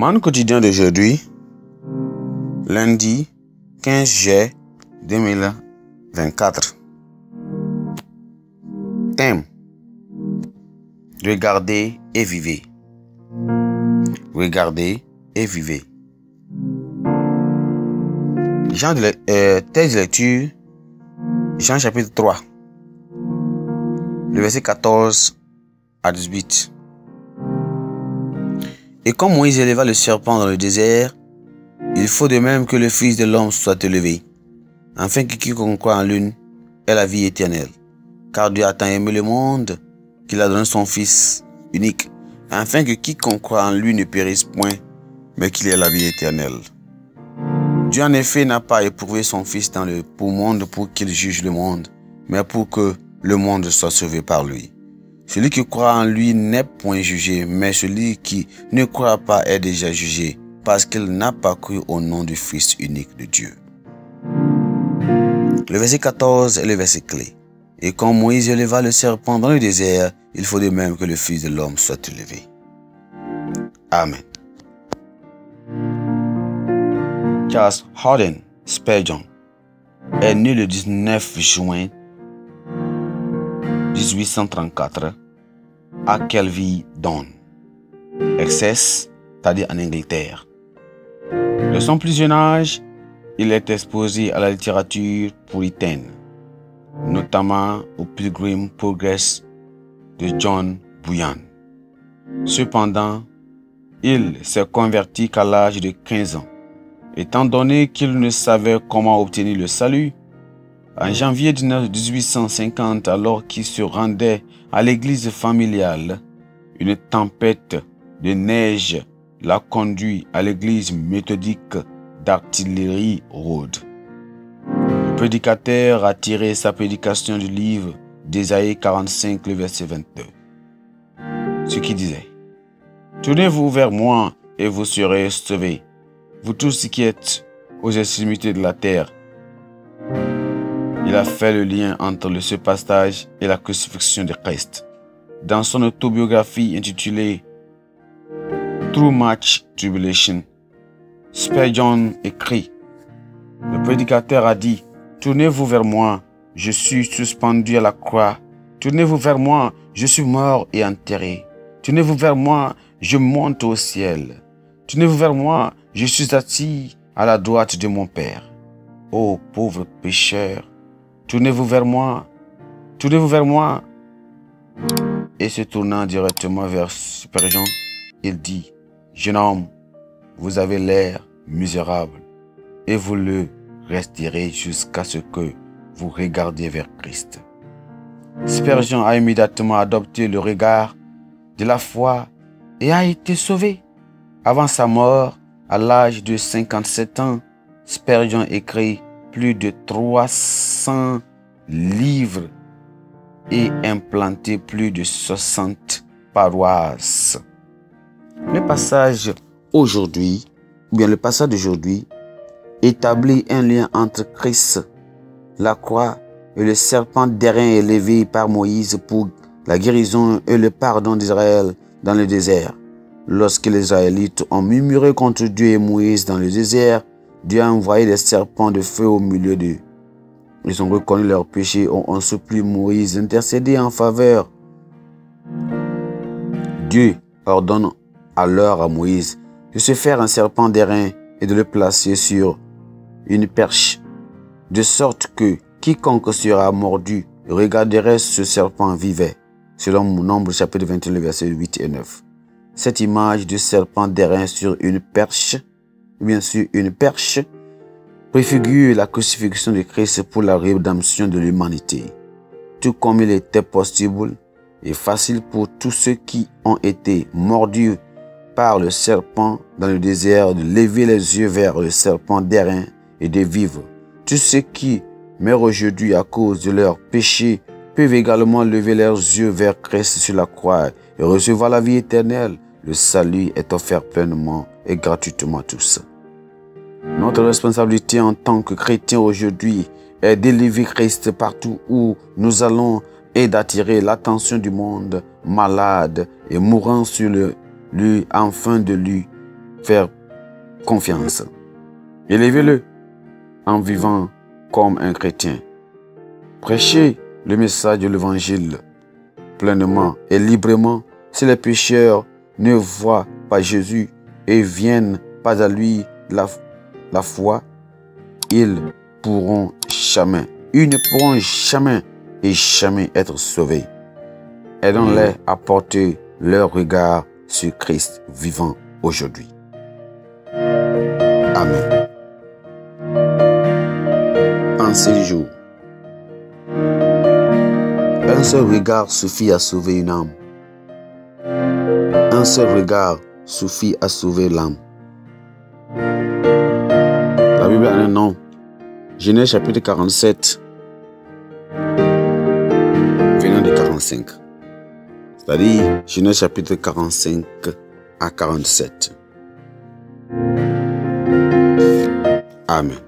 Mon quotidien d'aujourd'hui, lundi 15 juillet 2024. Thème Regardez et vivez. Regardez et vivez. Jean de, euh, de lecture, Jean chapitre 3, le verset 14 à 18. Et comme Moïse éleva le serpent dans le désert, il faut de même que le Fils de l'homme soit élevé, afin que quiconque croit en l'une ait la vie éternelle. Car Dieu a tant aimé le monde qu'il a donné son Fils unique, afin que quiconque croit en lui ne périsse point, mais qu'il ait la vie éternelle. Dieu en effet n'a pas éprouvé son Fils dans le monde pour qu'il juge le monde, mais pour que le monde soit sauvé par lui. Celui qui croit en lui n'est point jugé, mais celui qui ne croit pas est déjà jugé, parce qu'il n'a pas cru au nom du Fils unique de Dieu. Le verset 14 est le verset clé. Et quand Moïse éleva le serpent dans le désert, il faut de même que le Fils de l'homme soit élevé. Amen. Charles Harden Spurgeon est né le 19 juin 1834 à quelle vie excess, c'est-à-dire en Angleterre. De son plus jeune âge, il est exposé à la littérature puritaine, notamment au Pilgrim Progress de John Bunyan. Cependant, il s'est converti qu'à l'âge de 15 ans. Étant donné qu'il ne savait comment obtenir le salut, en janvier 1850, alors qu'il se rendait à l'église familiale, une tempête de neige l'a conduit à l'église méthodique d'artillerie Road. Le prédicateur a tiré sa prédication du livre d'Ésaïe 45, le verset 22. Ce qui disait, Tournez-vous vers moi et vous serez sauvés, vous tous qui êtes aux extrémités de la terre, il a fait le lien entre le passage et la crucifixion de Christ. Dans son autobiographie intitulée Through Much Tribulation, Spurgeon écrit Le prédicateur a dit Tournez-vous vers moi, je suis suspendu à la croix. Tournez-vous vers moi, je suis mort et enterré. Tournez-vous vers moi, je monte au ciel. Tournez-vous vers moi, je suis assis à la droite de mon Père. Ô pauvre pécheur, Tournez-vous vers moi. Tournez-vous vers moi. Et se tournant directement vers Super il dit, Jeune homme, vous avez l'air misérable et vous le resterez jusqu'à ce que vous regardiez vers Christ. Super a immédiatement adopté le regard de la foi et a été sauvé. Avant sa mort, à l'âge de 57 ans, Spurgeon écrit plus de 300 livres et implanté plus de 60 paroisses. Le passage aujourd'hui, bien le passage d'aujourd'hui, établit un lien entre Christ, la croix et le serpent d'airain élevé par Moïse pour la guérison et le pardon d'Israël dans le désert. Lorsque les Israélites ont murmuré contre Dieu et Moïse dans le désert, Dieu a envoyé des serpents de feu au milieu d'eux. Ils ont reconnu leur péché, ont, ont supplié Moïse d'intercéder en faveur. Dieu ordonne alors à Moïse de se faire un serpent d'airain et de le placer sur une perche, de sorte que quiconque sera mordu regarderait ce serpent vivait, selon mon nombre chapitre 21, versets 8 et 9. Cette image du serpent d'airain sur une perche bien sûr une perche, préfigure la crucifixion de Christ pour la rédemption de l'humanité. Tout comme il était possible et facile pour tous ceux qui ont été mordus par le serpent dans le désert de lever les yeux vers le serpent d'airain et de vivre. Tous ceux qui meurent aujourd'hui à cause de leur péchés peuvent également lever leurs yeux vers Christ sur la croix et recevoir la vie éternelle. Le salut est offert pleinement et gratuitement à tous. Notre responsabilité en tant que chrétien aujourd'hui est d'élever Christ partout où nous allons et d'attirer l'attention du monde malade et mourant sur lui afin de lui faire confiance. Élevez-le en vivant comme un chrétien. Prêchez le message de l'évangile pleinement et librement si les pécheurs ne voient pas Jésus et viennent pas à lui la la foi, ils pourront jamais, ils ne pourront jamais et jamais être sauvés. Aidons-les à porter leur regard sur Christ vivant aujourd'hui. Amen. En ces jours, un seul regard suffit à sauver une âme. Un seul regard suffit à sauver l'âme. Bible en un nom. Genèse chapitre 47, venant de 45. C'est-à-dire Genèse chapitre 45 à 47. Amen.